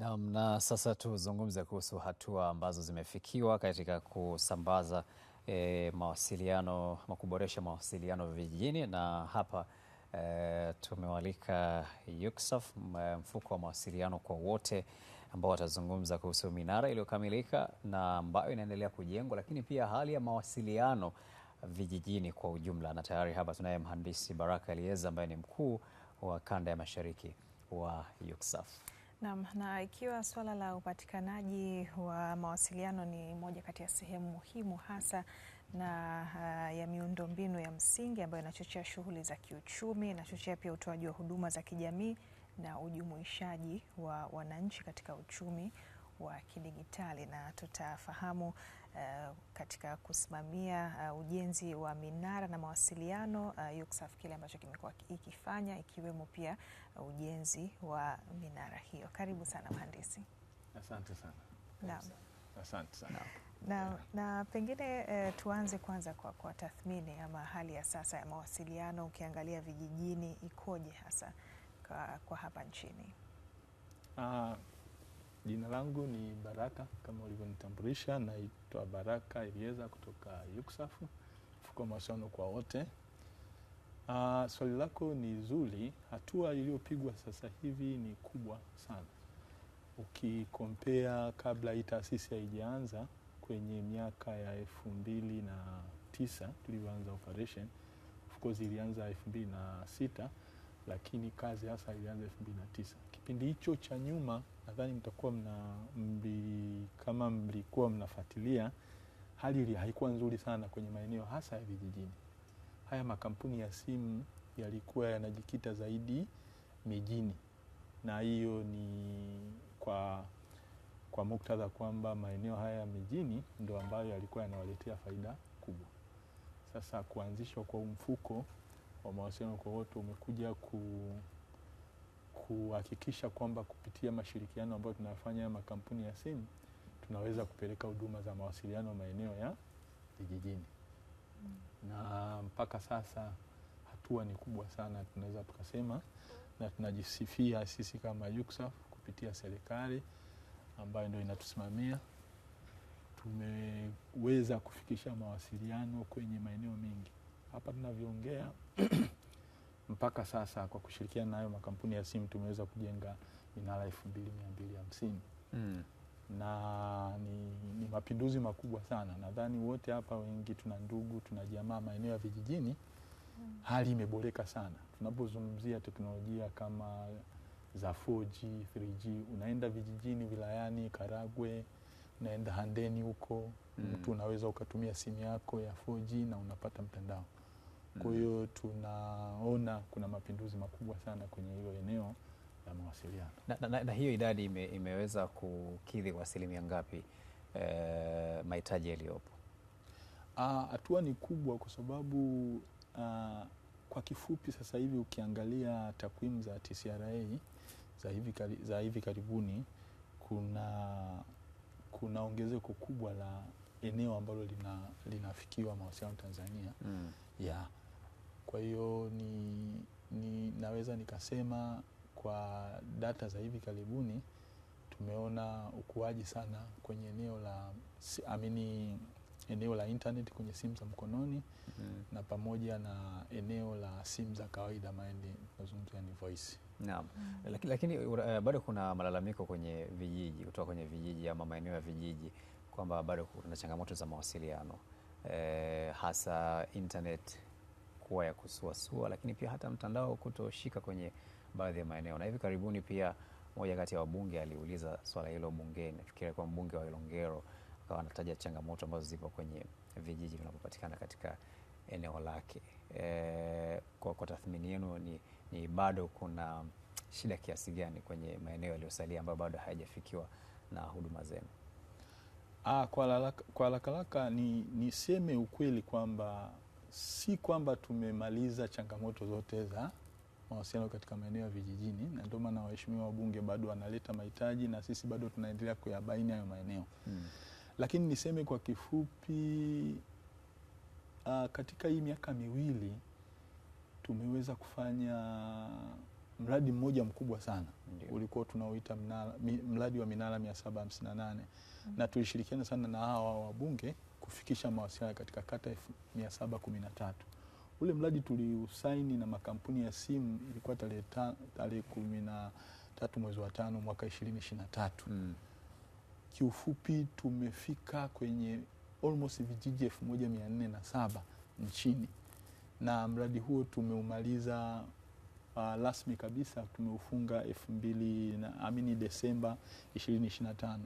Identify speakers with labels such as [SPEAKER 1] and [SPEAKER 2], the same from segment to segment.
[SPEAKER 1] Naam, na sasa tuzungumze kuhusu hatua ambazo zimefikiwa katika kusambaza e, mawasiliano kuboresha mawasiliano vijijini, na hapa e, eh, tumewalika UCSAF eh, mfuko wa mawasiliano kwa wote ambao watazungumza kuhusu minara iliyokamilika na ambayo inaendelea kujengwa, lakini pia hali ya mawasiliano vijijini kwa ujumla. Na tayari hapa tunaye mhandisi Baraka Elieza ambaye ni mkuu wa kanda ya mashariki wa UCSAF.
[SPEAKER 2] Naam, na ikiwa swala la upatikanaji wa mawasiliano ni moja kati ya sehemu muhimu hasa na uh, ya miundombinu ya msingi ambayo inachochea shughuli za kiuchumi, inachochea pia utoaji wa huduma za kijamii na ujumuishaji wa wananchi katika uchumi wa kidigitali na tutafahamu Eh, katika kusimamia uh, ujenzi wa minara na mawasiliano uh, eh, UCSAF kile ambacho kimekuwa ikifanya ikiwemo pia uh, ujenzi wa minara hiyo. Karibu sana mhandisi. Asante sana. Naam. Asante sana. Na, na pengine eh, tuanze kwanza kwa, kwa tathmini ama hali ya sasa ya mawasiliano ukiangalia vijijini ikoje hasa kwa, kwa hapa nchini?
[SPEAKER 3] Uh, Jina langu ni Baraka kama ulivyonitambulisha, naitwa Baraka Elieza kutoka Yuksafu, mfuko wa mawasiliano kwa wote. Uh, swali lako ni zuri. Hatua iliyopigwa sasa hivi ni kubwa sana ukikompea kabla hii taasisi haijaanza kwenye miaka ya elfu mbili na tisa tulivyoanza operation, of course ilianza elfu mbili na sita lakini kazi hasa ilianza elfu mbili na tisa. Kipindi hicho cha nyuma nadhani mtakuwa mna mli, kama mlikuwa mnafuatilia, hali ile haikuwa nzuri sana kwenye maeneo hasa ya vijijini. Haya makampuni ya simu yalikuwa yanajikita zaidi mijini, na hiyo ni kwa kwa muktadha kwamba maeneo haya ya mijini ndo ambayo yalikuwa yanawaletea faida kubwa. Sasa kuanzishwa kwa umfuko wa mawasiliano kwa wote umekuja ku kuhakikisha kwamba kupitia mashirikiano ambayo tunayafanya ya makampuni ya simu tunaweza kupeleka huduma za mawasiliano maeneo ya vijijini mm. na mpaka sasa hatua ni kubwa sana tunaweza tukasema, na tunajisifia sisi kama Yuksaf kupitia serikali ambayo ndio inatusimamia tumeweza kufikisha mawasiliano kwenye maeneo mengi. Hapa tunavyoongea mpaka sasa kwa kushirikiana nayo makampuni ya simu tumeweza kujenga minara elfu mbili mia mbili hamsini hmm. na ni, ni mapinduzi makubwa sana. Nadhani wote hapa wengi tuna ndugu, tuna jamaa maeneo ya vijijini mm. hali imeboreka sana. Tunapozungumzia teknolojia kama za 4G, 3G, unaenda vijijini, wilayani, Karagwe, unaenda Handeni huko mm. mtu unaweza ukatumia simu yako ya 4G na unapata mtandao. Kwa mm. hiyo tunaona kuna mapinduzi makubwa sana kwenye hilo eneo la mawasiliano.
[SPEAKER 1] Na, na, na, na hiyo idadi ime, imeweza kukidhi kwa asilimia ngapi eh, mahitaji yaliyopo?
[SPEAKER 3] Ah, hatua ni kubwa kwa sababu ah, kwa kifupi sasa hivi ukiangalia takwimu za TCRA za hivi, za hivi karibuni kuna kuna ongezeko kubwa la eneo ambalo lina, linafikiwa mawasiliano Tanzania mm. yeah. Kwa hiyo ni, ni naweza nikasema kwa data za hivi karibuni tumeona ukuaji sana kwenye eneo la amini eneo la internet kwenye simu za mkononi mm. na pamoja na eneo la simu za kawaida maende tunazungumzia ni voice.
[SPEAKER 1] Naam. Mm. Lakini uh, bado kuna malalamiko kwenye vijiji kutoka kwenye vijiji ama maeneo ya vijiji kwamba bado kuna changamoto za mawasiliano eh, hasa internet kuwa ya kusuasua, lakini pia hata mtandao kutoshika kwenye baadhi ya maeneo. Na hivi karibuni pia moja kati ya wabunge aliuliza swala hilo bungeni, nafikiri kwa mbunge wa Ilongero, akawa anataja changamoto ambazo zipo kwenye vijiji vinavyopatikana katika eneo lake. E, kwa, kwa tathmini yenu ni, ni bado kuna shida kiasi gani kwenye maeneo yaliyosalia ambayo bado hayajafikiwa na huduma zenu?
[SPEAKER 3] Ah, kwa haraka haraka niseme ukweli kwamba si kwamba tumemaliza changamoto zote za mawasiliano katika maeneo ya vijijini, na ndio maana waheshimiwa wabunge bado wanaleta mahitaji na sisi bado tunaendelea kuyabaini hayo maeneo hmm. Lakini niseme kwa kifupi uh, katika hii miaka miwili tumeweza kufanya mradi mmoja mkubwa sana Ndiyo. Ulikuwa tunaoita mradi wa minara mia saba hamsini na nane hmm. na tulishirikiana sana na hawa wabunge kufikisha mawasiliano katika kata 713. Ule mradi tuliusaini na makampuni ya simu ilikuwa tarehe kumi na tatu mwezi wa tano mwaka 2023. Hmm. Kiufupi tumefika kwenye almost vijiji saba nchini na mradi huo tumeumaliza uh, rasmi kabisa tumeufunga elfu mbili na amini Desemba 2025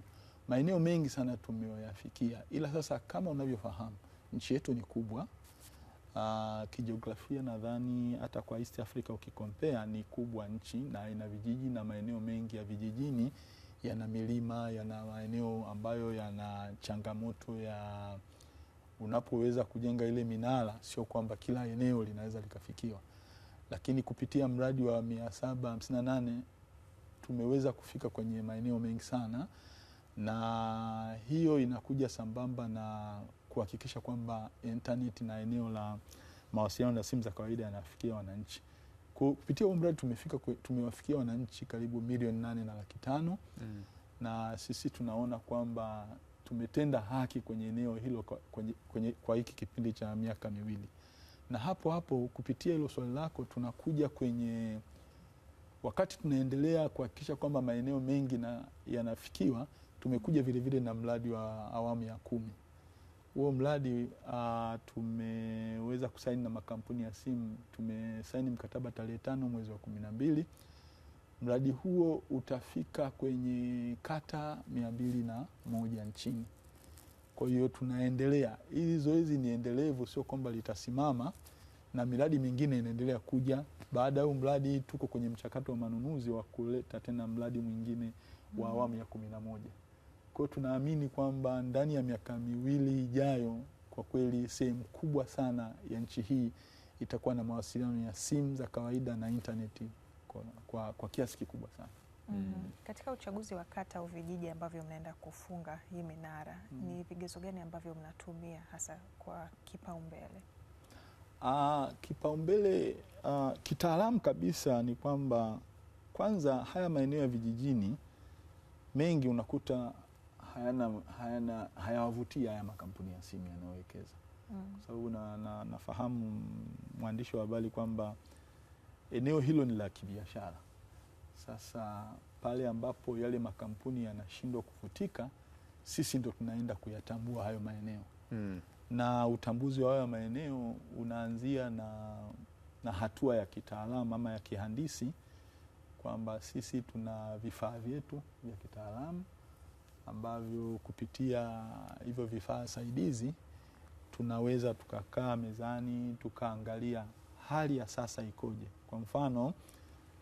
[SPEAKER 3] maeneo mengi sana tumeyafikia, ila sasa kama unavyofahamu nchi yetu ni kubwa uh, kijiografia nadhani hata kwa East Africa ukikompea ni kubwa nchi na ina vijiji na maeneo mengi ya vijijini yana milima, yana maeneo ambayo yana changamoto ya unapoweza kujenga ile minara, sio kwamba kila eneo linaweza likafikiwa, lakini kupitia mradi wa 758 tumeweza kufika kwenye maeneo mengi sana na hiyo inakuja sambamba na kuhakikisha kwamba internet na eneo la mawasiliano na simu za kawaida yanafikia wananchi. Kupitia huu mradi tumefika tumewafikia wananchi karibu milioni nane na laki tano mm. na sisi tunaona kwamba tumetenda haki kwenye eneo hilo kwa, kwa hiki kipindi cha miaka miwili, na hapo hapo kupitia hilo swali lako tunakuja kwenye wakati tunaendelea kuhakikisha kwamba maeneo mengi na yanafikiwa tumekuja vile na mradi wa awamu ya kumi. Huo mradi uh, tumeweza kusaini na makampuni ya simu, tumesaini mkataba tarehe tano mwezi wa kumi na mbili. Mradi huo utafika kwenye kata mia mbili na moja nchini. Kwa hiyo tunaendelea, hili zoezi ni endelevu, sio kwamba litasimama, na miradi mingine inaendelea kuja baada ya huu mradi. Tuko kwenye mchakato wa manunuzi wa kuleta tena mradi mwingine wa awamu ya kumi na moja kwao tunaamini kwamba ndani ya miaka miwili ijayo, kwa kweli sehemu kubwa sana ya nchi hii itakuwa na mawasiliano ya simu za kawaida na intaneti kwa, kwa, kwa kiasi kikubwa sana.
[SPEAKER 2] Mm. Mm. Katika uchaguzi wa kata au vijiji ambavyo mnaenda kufunga hii minara mm. ni vigezo gani ambavyo mnatumia hasa kwa kipaumbele?
[SPEAKER 3] Ah, kipaumbele ah, kitaalamu kabisa ni kwamba kwanza haya maeneo ya vijijini mengi unakuta hayana hayana hayawavutii haya makampuni ya simu yanayowekeza mm. kwa sababu na, na, nafahamu mwandishi wa habari kwamba eneo hilo ni la kibiashara. Sasa pale ambapo yale makampuni yanashindwa kuvutika, sisi ndo tunaenda kuyatambua hayo maeneo mm. na utambuzi wa hayo maeneo unaanzia na, na hatua ya kitaalamu ama ya kihandisi kwamba sisi tuna vifaa vyetu vya kitaalamu ambavyo kupitia hivyo vifaa saidizi tunaweza tukakaa mezani tukaangalia hali ya sasa ikoje. Kwa mfano,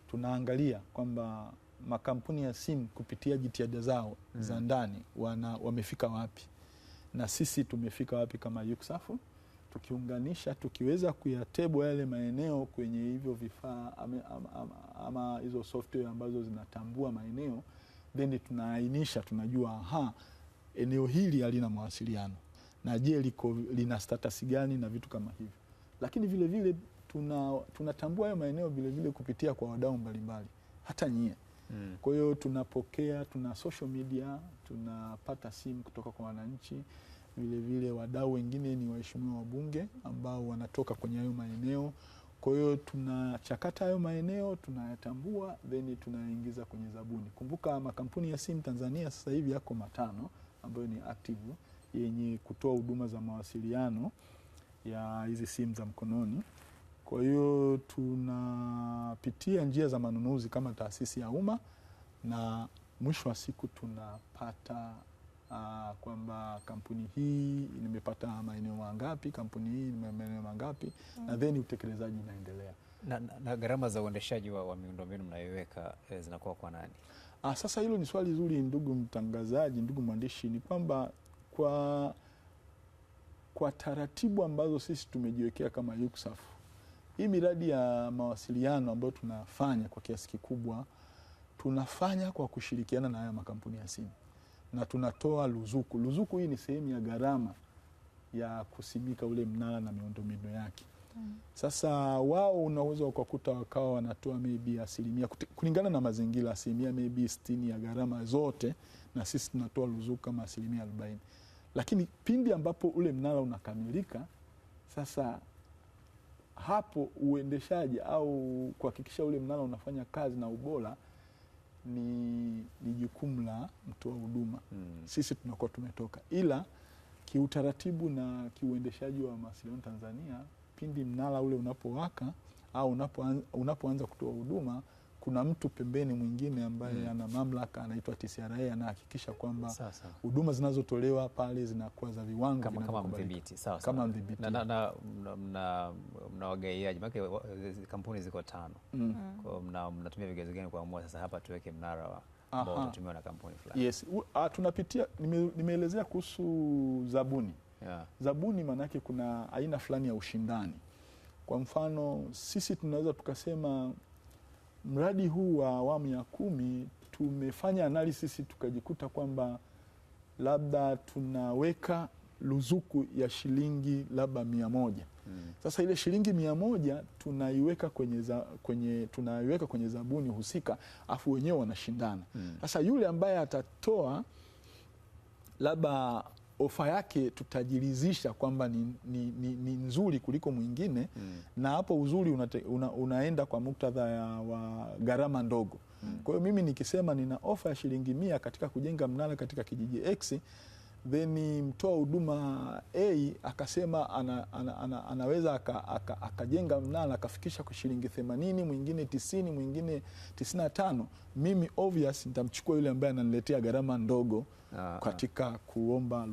[SPEAKER 3] tunaangalia kwamba makampuni ya simu kupitia jitihada zao mm. za ndani wamefika wapi na sisi tumefika wapi kama Yuksafu, tukiunganisha tukiweza kuyatebwa yale maeneo kwenye hivyo vifaa ama hizo software ambazo zinatambua maeneo then tunaainisha, tunajua aha, eneo hili halina mawasiliano na je, liko lina status gani na vitu kama hivyo. Lakini vile vile tuna tunatambua hayo maeneo vile vile kupitia kwa wadau mbalimbali, hata nyie mm. Kwa hiyo tunapokea, tuna social media, tunapata simu kutoka kwa wananchi vilevile. Wadau wengine ni waheshimiwa wabunge ambao wanatoka kwenye hayo maeneo kwa hiyo tunachakata hayo maeneo tunayatambua, then tunayaingiza kwenye zabuni. Kumbuka makampuni ya simu Tanzania sasa hivi yako matano ambayo ni active yenye kutoa huduma za mawasiliano ya hizi simu za mkononi. Kwa hiyo tunapitia njia za manunuzi kama taasisi ya umma na mwisho wa siku tunapata Ah, kwamba kampuni hii nimepata maeneo mangapi, kampuni hii maeneo mangapi mm. na then utekelezaji unaendelea
[SPEAKER 1] na, na, na gharama za uendeshaji wa, wa miundombinu mnayoiweka eh, zinakuwa kwa nani?
[SPEAKER 3] Ah, sasa hilo ni swali zuri ndugu mtangazaji, ndugu mwandishi, ni kwamba kwa kwa taratibu ambazo sisi tumejiwekea kama UCSAF, hii miradi ya mawasiliano ambayo tunafanya kwa kiasi kikubwa tunafanya kwa kushirikiana na haya makampuni ya simu na tunatoa ruzuku. Ruzuku hii ni sehemu ya gharama ya kusimika ule mnara na miundombinu yake. Mm. Sasa wao unaweza ukakuta wakawa wanatoa maybe asilimia kulingana na mazingira, asilimia maybe sitini ya gharama zote, na sisi tunatoa ruzuku kama asilimia arobaini, lakini pindi ambapo ule mnara unakamilika sasa hapo uendeshaji au kuhakikisha ule mnara unafanya kazi na ubora ni, ni jukumu la mtoa huduma mm. Sisi tunakuwa tumetoka, ila kiutaratibu na kiuendeshaji wa mawasiliano Tanzania, pindi mnara ule unapowaka au unapoanza kutoa huduma kuna mtu pembeni mwingine ambaye mm. ana mamlaka anaitwa TCRA anahakikisha kwamba huduma zinazotolewa pale zinakuwa za viwango
[SPEAKER 1] kama mdhibiti. Sawa
[SPEAKER 3] sawa, kama mdhibiti
[SPEAKER 1] na wagaiaji maana kampuni ziko tano, mm. kwa hiyo mnatumia vigezo gani kuamua sasa hapa tuweke mnara wa ambao na kampuni fulani?
[SPEAKER 3] Yes, tunapitia, nimeelezea kuhusu zabuni yeah. Zabuni maanake kuna aina fulani ya ushindani, kwa mfano sisi tunaweza tukasema mradi huu wa awamu ya kumi tumefanya analysis tukajikuta kwamba labda tunaweka ruzuku ya shilingi labda mia moja Hmm. Sasa ile shilingi mia moja tunaiweka kwenye, za, kwenye, tunaiweka kwenye zabuni husika afu wenyewe wanashindana hmm. sasa Yule ambaye atatoa labda ofa yake tutajirizisha kwamba ni, ni, ni, ni nzuri kuliko mwingine mm. na hapo uzuri unate, una, unaenda kwa muktadha ya wa gharama ndogo mm. Kwa hiyo mimi nikisema nina ofa ya shilingi mia katika kujenga mnara katika kijiji X then mtoa huduma A akasema ana, ana, ana, anaweza akajenga aka, aka akafikisha kwa shilingi themanini mwingine tisini mwingine tano Mimi obvious nitamchukua yule ambaye ananiletea gharama ndogo ah, ah. katika kuomba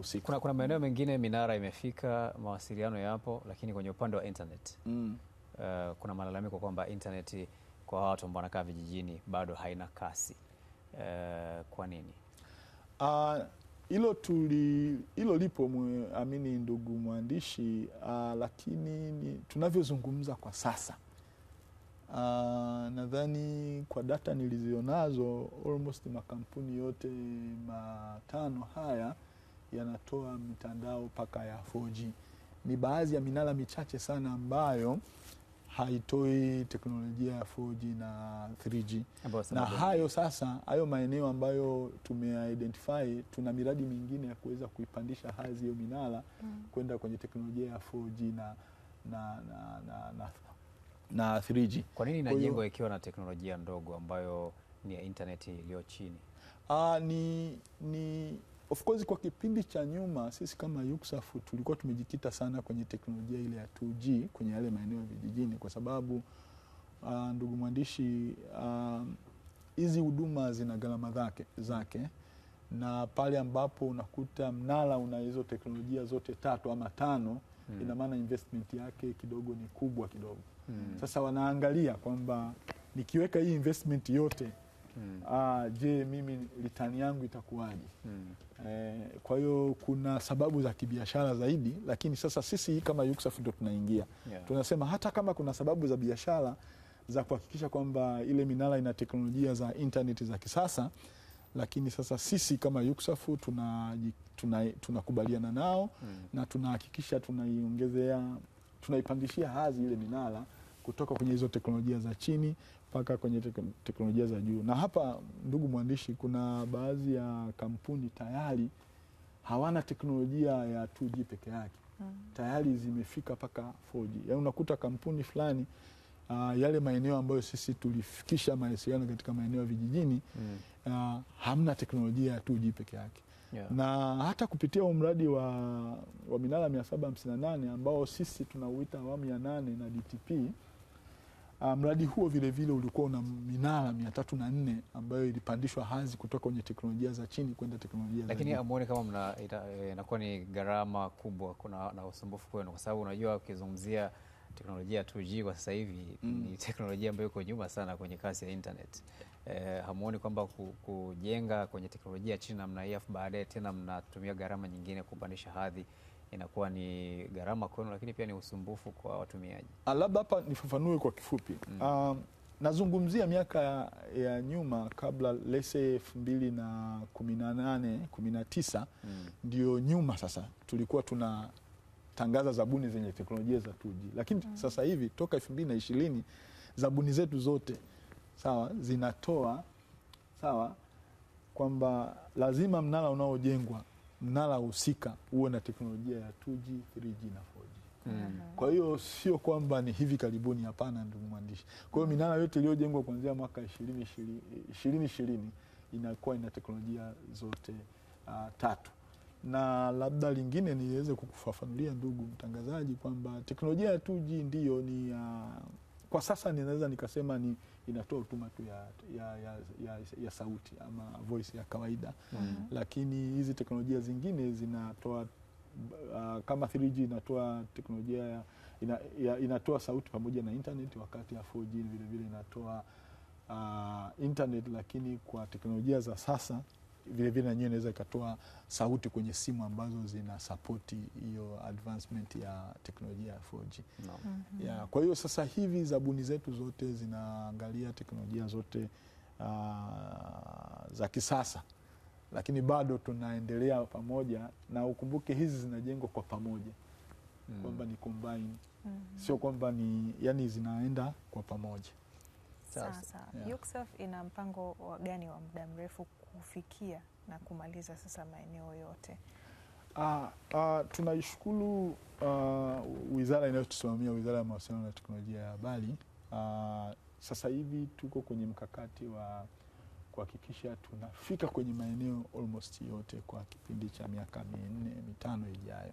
[SPEAKER 3] usiku.
[SPEAKER 1] Kuna, kuna maeneo mm. mengine minara imefika, mawasiliano yapo, lakini kwenye upande wa internet mm. Uh, kuna malalamiko kwamba internet kwa watu ambao wanakaa vijijini bado haina kasi. Uh, kwa nini?
[SPEAKER 3] Uh, hilo tuli hilo lipo amini, ndugu mwandishi uh, lakini ni, tunavyozungumza kwa sasa uh, nadhani kwa data nilizionazo almost makampuni yote matano haya yanatoa mitandao mpaka ya 4G. Ni baadhi ya minara michache sana ambayo haitoi teknolojia ya 4G na 3G na hayo sasa, hayo maeneo ambayo tumeidentify, tuna miradi mingine ya kuweza kuipandisha hadhi hiyo minara mm. kwenda kwenye teknolojia ya 4G na, na, na, na, na, na 3G.
[SPEAKER 1] Kwa nini inajengwa ikiwa na teknolojia ndogo ambayo ni ya intaneti iliyo chini?
[SPEAKER 3] Aa, ah, ni, ni Of course kwa kipindi cha nyuma sisi kama Yuksaf tulikuwa tumejikita sana kwenye teknolojia ile ya 2G kwenye yale maeneo ya vijijini, kwa sababu uh, ndugu mwandishi, ah, hizi uh, huduma zina gharama zake, na pale ambapo unakuta mnala una hizo teknolojia zote tatu ama tano hmm. ina maana investment yake kidogo ni kubwa kidogo hmm. Sasa wanaangalia kwamba nikiweka hii investment yote mm. ah, je, mimi litani yangu itakuwaje? mm. Eh, kwa hiyo kuna sababu za kibiashara zaidi, lakini sasa sisi kama Yuksaf ndo tunaingia yeah. tunasema hata kama kuna sababu za biashara za kuhakikisha kwamba ile minara ina teknolojia za intaneti za kisasa, lakini sasa sisi kama Yuksaf tunakubaliana tuna, tuna nao mm. na tunahakikisha tunaiongezea tunaipandishia hadhi ile minara kutoka kwenye hizo teknolojia za chini mpaka kwenye teknolojia za juu. Na hapa, ndugu mwandishi, kuna baadhi ya kampuni tayari hawana teknolojia ya 2G peke yake mm. tayari zimefika mpaka 4G. Yaani unakuta kampuni fulani uh, yale maeneo ambayo sisi tulifikisha mawasiliano katika maeneo ya vijijini mm. uh, hamna teknolojia ya 2G peke yake yeah. na hata kupitia mradi wa, wa minara 758 ambao sisi tunauita awamu ya nane na DTP Ah, mradi huo vilevile vile ulikuwa una minara mia tatu na nne ambayo ilipandishwa hazi kutoka kwenye teknolojia za chini kwenda teknolojia
[SPEAKER 1] lakini amuone kama eh, inakuwa ni gharama kubwa kuna na usumbufu kwenu, kwa sababu unajua ukizungumzia teknolojia ya 2G kwa sasa hivi mm. ni teknolojia ambayo iko nyuma sana kwenye kasi ya internet. E, hamuoni kwamba kujenga kwenye teknolojia ya chini namna hii, afu baadaye tena mnatumia gharama nyingine kupandisha hadhi inakuwa ni gharama kwenu, lakini pia ni usumbufu kwa watumiaji.
[SPEAKER 3] Ah, labda hapa nifafanue kwa kifupi mm. Uh, nazungumzia miaka ya nyuma kabla lese elfu mbili na kumi na nane kumi na tisa mm. ndio nyuma sasa, tulikuwa tunatangaza zabuni zenye teknolojia za 2G lakini mm. sasa hivi toka elfu mbili na ishirini zabuni zetu zote sawa zinatoa sawa kwamba lazima mnara unaojengwa mnala husika uwe na teknolojia ya 2G, 3G na 4G. Mm. Kwa hiyo sio kwamba ni hivi karibuni, hapana ndugu mwandishi. Kwa hiyo minara yote iliyojengwa kuanzia mwaka 2020 2020 inakuwa ina teknolojia zote uh, tatu. Na labda lingine niweze kukufafanulia ndugu mtangazaji kwamba teknolojia ya 2G ndiyo ni uh, kwa sasa ninaweza nikasema ni inatoa hutuma tu ya, ya, ya, ya, ya sauti ama voice ya kawaida mm. Lakini hizi teknolojia zingine zinatoa uh, kama 3G inatoa teknolojia ya, ina, ya, inatoa sauti pamoja na internet, wakati ya 4G vilevile vile inatoa uh, internet, lakini kwa teknolojia za sasa vilevile nanyiwe inaweza ikatoa sauti kwenye simu ambazo zina sapoti hiyo advancement ya teknolojia ya 4G no. mm -hmm. yeah, kwa hiyo sasa hivi zabuni zetu zote zinaangalia teknolojia zote uh, za kisasa lakini bado tunaendelea pamoja na ukumbuke hizi zinajengwa kwa pamoja mm. kwamba ni combine mm -hmm. sio kwamba ni yani zinaenda kwa pamoja.
[SPEAKER 2] Sasa, yeah. Yuksaf ina mpango gani wa muda mrefu kufikia na kumaliza sasa maeneo yote?
[SPEAKER 3] Ah, ah, tunaishukuru ah, wizara inayotusimamia Wizara ya Mawasiliano na Teknolojia ya Habari. Ah, sasa hivi tuko kwenye mkakati wa kuhakikisha tunafika kwenye maeneo almost yote kwa kipindi cha miaka minne mitano ijayo,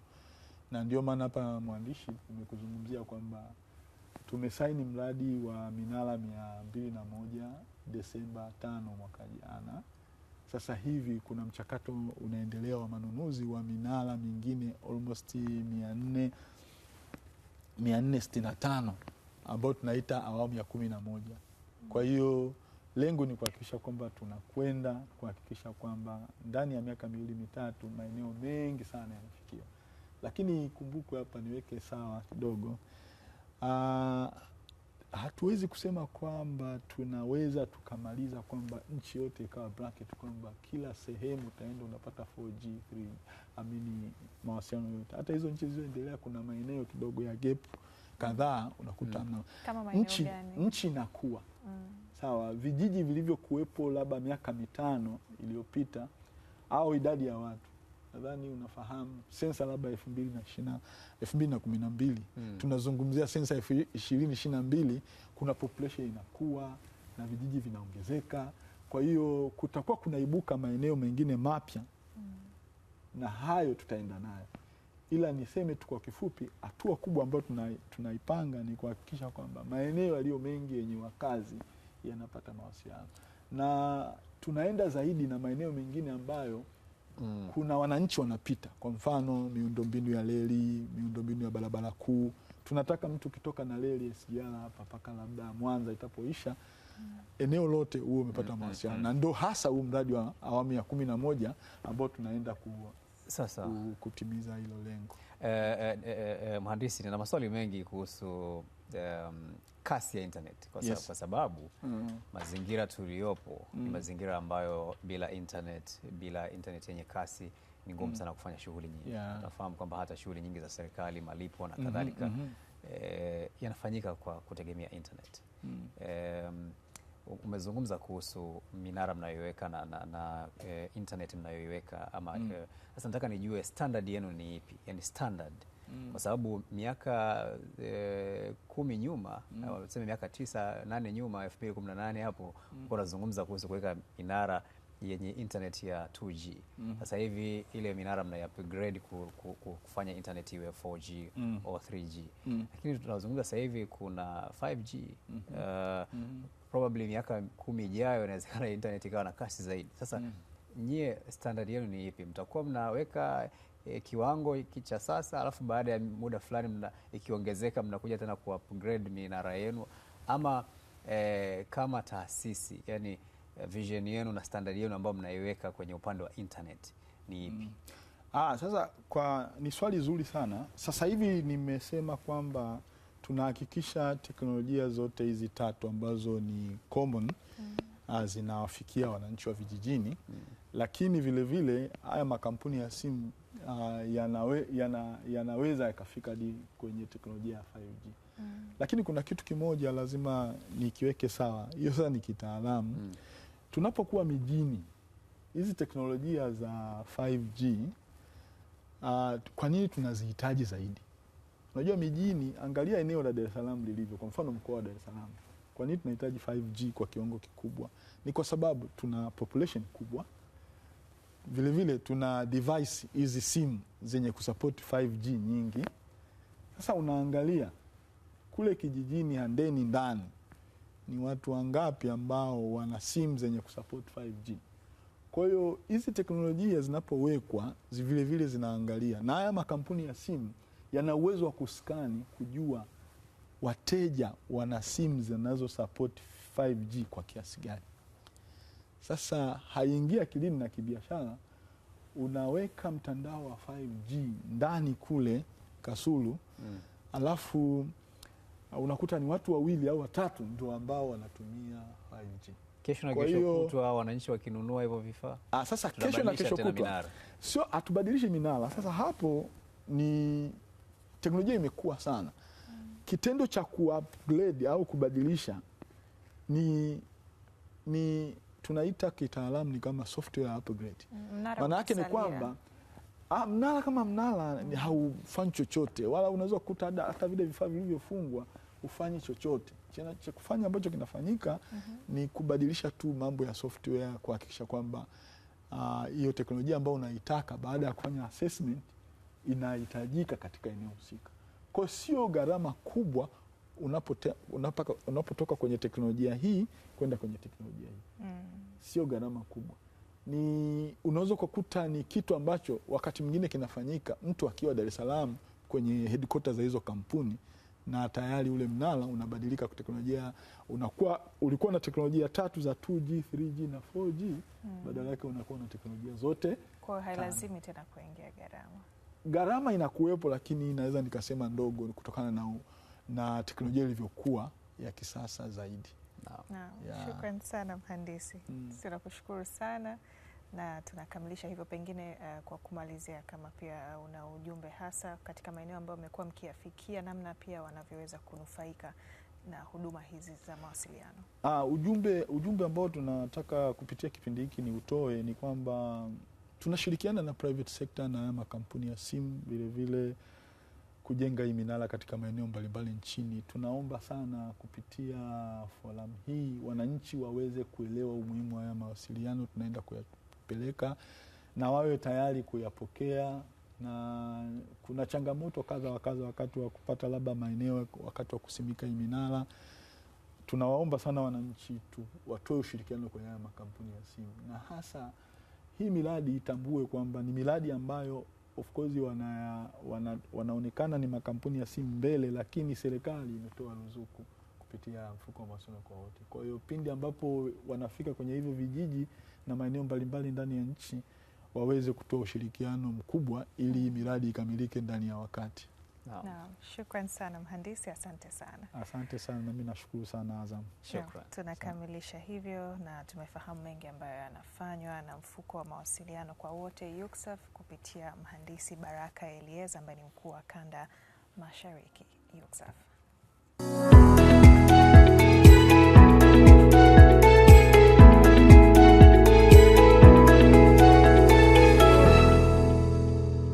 [SPEAKER 3] na ndio maana hapa mwandishi tumekuzungumzia kwamba tumesaini mradi wa minara mia mbili na moja Desemba tano mwaka jana sasa hivi kuna mchakato unaendelea wa manunuzi wa minara mingine almost 400 465 ambayo tunaita awamu ya kumi na moja. Kwa hiyo lengo ni kuhakikisha kwamba tunakwenda kuhakikisha kwamba ndani ya miaka miwili mitatu maeneo mengi sana yanafikiwa, lakini kumbukwe hapa niweke sawa kidogo. Ah, hatuwezi kusema kwamba tunaweza tukamaliza kwamba nchi yote ikawa kwamba kila sehemu utaenda unapata 4G 3G amini mawasiliano yote. Hata hizo nchi zilizoendelea kuna maeneo kidogo ya gap kadhaa unakuta mm. nchi, nchi inakuwa mm. Sawa, vijiji vilivyokuwepo labda miaka mitano iliyopita au idadi ya watu nadhani unafahamu sensa labda elfu mbili na elfu mbili na kumi na mbili mm. tunazungumzia sensa elfu ishirini ishiri na mbili kuna population inakuwa na vijiji vinaongezeka, kwa hiyo kutakuwa kunaibuka maeneo mengine mapya mm. na hayo tutaenda nayo, ila niseme tu kwa kifupi, hatua kubwa ambayo tunaipanga tuna ni kuhakikisha kwamba maeneo yaliyo mengi yenye wakazi yanapata mawasiliano na tunaenda zaidi na maeneo mengine ambayo mm. kuna wananchi wanapita, kwa mfano miundombinu ya reli, miundombinu ya barabara kuu. Tunataka mtu ukitoka na reli SGR hapa mpaka labda Mwanza itapoisha mm. eneo lote huo umepata mm, mm, mawasiliano mm -hmm. na ndo hasa huu mradi wa awamu ya kumi na moja ambao tunaenda ku, sasa ku, kutimiza hilo lengo.
[SPEAKER 1] Eh, eh, eh, eh, eh mhandisi, nina maswali mengi kuhusu eh, kasi ya internet kwa, yes. kwa sababu mm. mazingira tuliyopo ni mm. mazingira ambayo bila internet, bila internet yenye kasi ni ngumu mm. sana kufanya shughuli nyingi yeah. Tunafahamu kwamba hata shughuli nyingi za serikali, malipo na mm-hmm, kadhalika mm -hmm. e, yanafanyika kwa kutegemea internet mm. e, umezungumza kuhusu minara mnayoiweka na, na, na e, internet mnayoiweka ama mm. Eh, sasa mm. e, nataka nijue standard yenu ni ipi, yani standard mm. kwa sababu miaka e, kumi nyuma mm. tuseme miaka tisa nane nyuma elfu mbili kumi na nane hapo mm. unazungumza kuhusu kuweka minara yenye internet ya 2G. Mm. Sasa hivi ile minara mna upgrade ku, ku, ku, kufanya internet iwe 4G mm. au 3G. Mm. Lakini tunazungumza sasa hivi kuna 5G. Mm -hmm. uh, eh, mm -hmm. Probably miaka kumi ijayo inawezekana internet ikawa na kasi zaidi. Sasa mm. Nyie standard yenu ni ipi? Mtakuwa mnaweka e, kiwango hiki cha sasa, alafu baada ya muda fulani mna, ikiongezeka mnakuja tena ku upgrade minara yenu ama e, kama taasisi yani eh, vision yenu na standard yenu ambayo mnaiweka kwenye upande wa internet ni ipi? Mm.
[SPEAKER 3] Ah, sasa kwa ni swali zuri sana. Sasa hivi nimesema kwamba tunahakikisha teknolojia zote hizi tatu ambazo ni common mm. Ah, zinawafikia wananchi wa vijijini mm. Lakini vilevile haya makampuni ya simu uh, yanawe, yana, yanaweza yakafika di kwenye teknolojia ya 5G mm. Lakini kuna kitu kimoja lazima nikiweke sawa, hiyo sasa ni kitaalamu mm. Tunapokuwa mijini hizi teknolojia za 5G uh, kwa nini tunazihitaji zaidi? Unajua mijini, angalia eneo la Dar es Salaam lilivyo, kwa mfano mkoa wa Dar es Salaam. Kwa nini tunahitaji 5G kwa kiwango kikubwa? Ni kwa sababu tuna population kubwa vilevile tuna device hizi simu zenye kusupport 5G nyingi. Sasa unaangalia kule kijijini Handeni ndani ni watu wangapi ambao wana simu zenye kusupport 5G. Kwa hiyo hizi teknolojia zinapowekwa vilevile zinaangalia, na haya makampuni ya simu yana uwezo wa kuskani kujua wateja wana simu zinazo support 5G kwa kiasi gani. Sasa haingia akilini na kibiashara, unaweka mtandao wa 5G ndani kule Kasulu mm. alafu uh, unakuta ni watu wawili au watatu ndio ambao wanatumia 5G
[SPEAKER 1] kesho na kesho kutwa, wananchi wakinunua hivyo vifaa
[SPEAKER 3] ah, sasa kesho na kesho kutwa sio, hatubadilishi minara. Sasa hapo ni teknolojia imekuwa sana mm. kitendo cha kuupgrade au kubadilisha ni ni tunaita kitaalamu ni kama software upgrade.
[SPEAKER 2] Mm, Maana
[SPEAKER 3] yake ni kwamba ah, mnara kama mnara mm. haufanyi chochote, wala unaweza kukuta hata vile vifaa vilivyofungwa ufanyi chochote cha kufanya ambacho kinafanyika mm -hmm. ni kubadilisha tu mambo ya software kuhakikisha kwamba ah, hiyo uh, teknolojia ambayo unaitaka baada ya kufanya assessment inahitajika katika eneo husika. Kwa sio gharama kubwa unapotoka unapo, kwenye teknolojia hii kwenda kwenye teknolojia hii mm. Sio gharama kubwa, ni unaweza ukakuta ni kitu ambacho wakati mwingine kinafanyika mtu akiwa Dar es Salaam kwenye hedkota za hizo kampuni na tayari ule mnala unabadilika teknolojia, unakuwa ulikuwa na teknolojia tatu za 2G, 3G na 4G mm. Badala yake unakuwa na teknolojia zote,
[SPEAKER 2] kwa hailazimi tena kuingia gharama.
[SPEAKER 3] Gharama inakuwepo, lakini inaweza nikasema ndogo kutokana na u na teknolojia ilivyokuwa ya kisasa zaidi.
[SPEAKER 2] Shukrani sana mhandisi, tunakushukuru mm. sana na tunakamilisha hivyo. Pengine uh, kwa kumalizia, kama pia una ujumbe hasa katika maeneo ambayo umekuwa mkiyafikia, namna pia wanavyoweza kunufaika na huduma hizi za mawasiliano.
[SPEAKER 3] Aa, ah, ujumbe ujumbe ambao tunataka kupitia kipindi hiki ni utoe ni kwamba tunashirikiana na private sector na makampuni ya simu vilevile kujenga hii minara katika maeneo mbalimbali nchini. Tunaomba sana kupitia forum hii wananchi waweze kuelewa umuhimu wa haya mawasiliano tunaenda kuyapeleka na wawe tayari kuyapokea, na kuna changamoto kadha wa kadha wakati wa kupata labda maeneo wakati wa kusimika hii minara. Tunawaomba sana wananchi tu watoe ushirikiano kwenye haya makampuni ya simu, na hasa hii miradi itambue kwamba ni miradi ambayo of course wana, wana, wanaonekana ni makampuni ya simu mbele, lakini serikali imetoa ruzuku kupitia mfuko wa mawasiliano kwa wote. Kwa hiyo pindi ambapo wanafika kwenye hivyo vijiji na maeneo mbalimbali ndani ya nchi waweze kutoa ushirikiano mkubwa ili miradi ikamilike ndani ya wakati.
[SPEAKER 2] Shukran sana mhandisi, asante sana.
[SPEAKER 3] Asante sana na mimi nashukuru sana Azam.
[SPEAKER 2] Shukran. Tunakamilisha hivyo na tumefahamu mengi ambayo yanafanywa na mfuko wa mawasiliano kwa wote yuksaf kupitia mhandisi Baraka Elieza ambaye ni mkuu wa kanda mashariki yuksaf